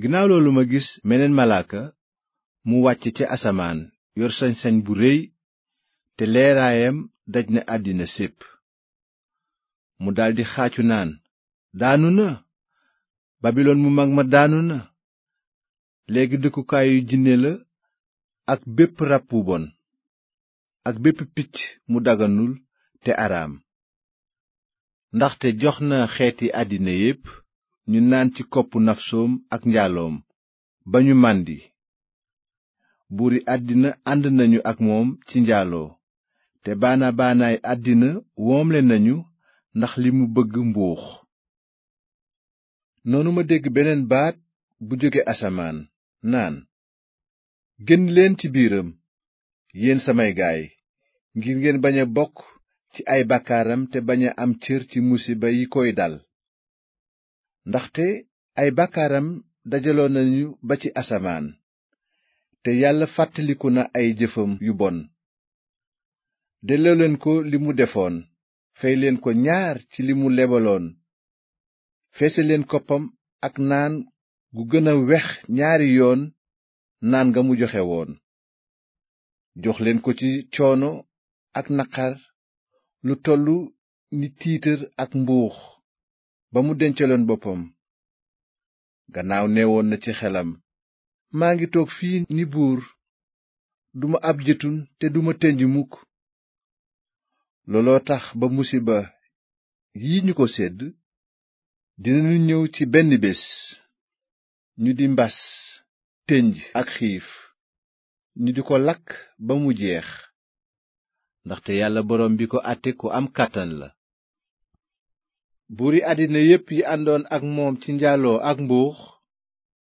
ginnaaw loolu ma gis meneen malaaka mu wàcc ca asamaan yor sañ bu réy te leeraayam daj na àddina sépp mu daldi xaacu naan daanu na babilon mu mag ma daanu na léegi dëkkukaayu jinne la ak bépp rab wu bon ak bépp picc mu daganul te araam ndaxte jox na xeeti àddina yépp ñu naan ci koppu nafsoom ak njaaloom ba ñu màndi buuri àddina ànd nañu ak moom ci njaaloo te baana baanaay àddina woomle nañu ndax li mu bëgg mbuux noonu ma dégg beneen baat bu jóge asamaan naan génn leen ci biiram yéen samay gaay ngir ngeen bañ a bokk ci ay bakkaaram te bañ a am cër ci musiba yi koy dal ndaxte ay bakkaaram dajaloo nañu ba ci asamaan te yàlla fàttaliku na ay jëfam yu bon dellooleen ko li mu defoon fey ko ñaar ci li mu lebaloon feese leen koppam ak naan gu gëna a wex ñaari yoon naan nga mu joxe woon joxleen ko ci coono ak naqar lu tollu ni tiitër ak mbuux ba mu dencaloon boppam gannaaw woon na ci xelam maa ngi toog fii ni buur duma ab jëtun te duma ténj mukk looloo tax ba musiba yi ñu ko sedd dinañu ñëw ci benn bés ñu di mbas ténj ak xiif ñu di ko lakk ba mu jeex ndaxte yàlla borom bi ko àtte ku am kàttan la buuri àddina yépp yi àndoon ak moom ci njaaloo ak mbuux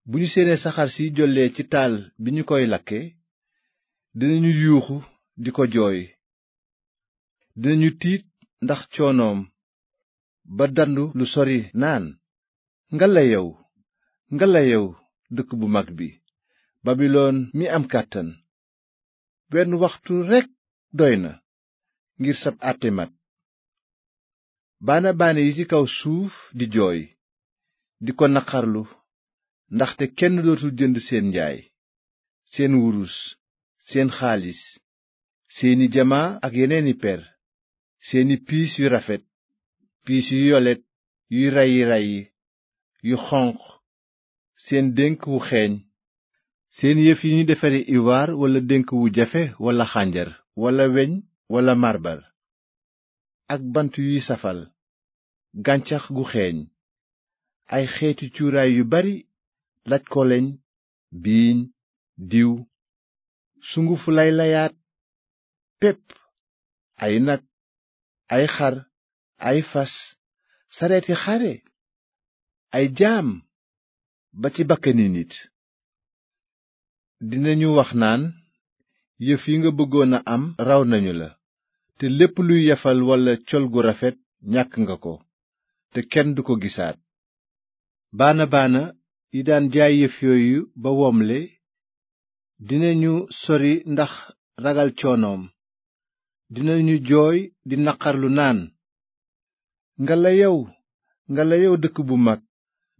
bu ñu seenee saxaar si jollee ci taal bi ñu koy lakke dinañu yuuxu di ko jooy dinañu tiit ndax coonoom ba dandu lu sori naan ngalla yow ngalla yow dëkk bu mag bi babilon mi am kàttan wenn waxtu rekk doy na ngir sab àtte baana baana yi ci kaw suuf di jooy di ko naqarlu ndaxte kenn dootul jënd seen njaay seen wurus seen xaalis seeni jamaa ak yeneeni per seeni piis yu rafet piis yu yolet yuy rayyi rayyi yu xonq seen dénk wu xeeñ seen yëf yi ñu defare iwaar walla dénk wu jafe walla xànjar walla weñ walla marbar ak bant yuy safal gàncax gu xeeñ ay xeeti cuuraay yu bari laj koleñ biiñ diw sungufu lay layaat pépp ay nag ay xar ay fas sareeti xare ay jaam ba ci bakkani nit dinañu wax naan yëf yi nga bëggoona am raw nañu la te lépp luy yafal walla col gu rafet ñàkk nga ko te kenn du ko gisaat baana baana yi daan jaay yëf yooyu ba womle dinañu sori ndax ragal coonoom dina ñu jooy di naqar lu naan ngala yow ngala yow dëkk bu mag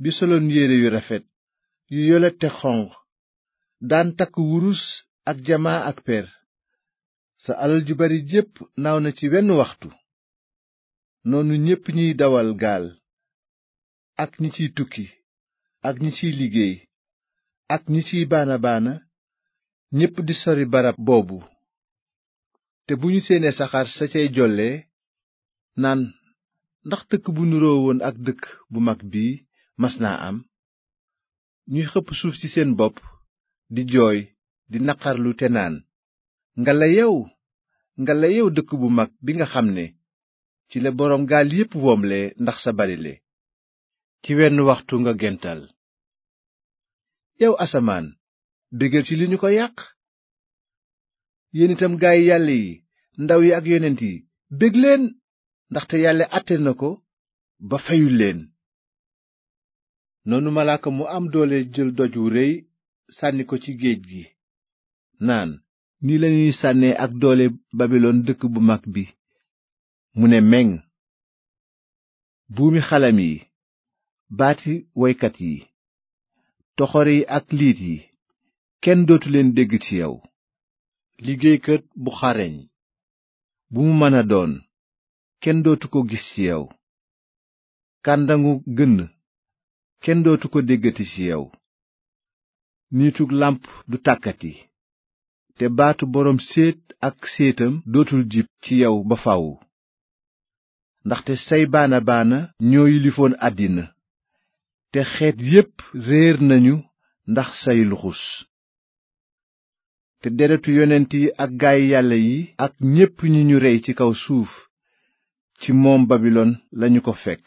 bi soloon yére yu rafet yu yole xonq daan takk wurus ak jamaa ak per sa alal ju bari jépp naaw na ci wenn waxtu noonu ñépp ñiy dawal gaal ak ñi ciy tukki ak ñi ciy liggéey ak ñi ciy baana baana ñépp di sori barab boobu te bu ñu seenee saxaar sa cay jolle naan ndax dëkk bu nuroo woon ak dëkk bu mag bii mas naa am ñuy xëpp suuf ci seen bopp di jooy di naqarlu te naan ngala yow ngala yow dëkk bu mag bi nga xam ne ci la boroom gaal yépp woomle ndax sa barile ci wenn waxtu nga gental yow asamaan bégal ci li ñu ko yàq yéen itam gaay yàlla yi ndaw yi ak yonent yi bég leen ndaxte yàlla àtte na ko ba feyul leen noonu malaaka mu am doole jël doj wu rëy sànni ko ci géej gi naan nii lañuy sànnee ak doole babilon dëkk bu mag bi mu ne meŋ buumi xalam yi baati woykat yi toxore yi ak liit yi kenn dootu leen dégg ci yow liggéeykat bu xareñ bu mu mën a doon kenn dootu ko gis ci yow kàndangu gënn kenn dootu ko déggati ci yow niitug làmp du tàkkati te baatu boroom séet ak séetam dootul jib ci yow ba faw ndaxte say baana baana ñoo yilifoon àddina te xeet yépp réer nañu ndax say luxus te deretu yonent yi ak gaay yàlla yi ak ñépp ñi ñu rey ci kaw suuf ci moom babilon lañu ko fekk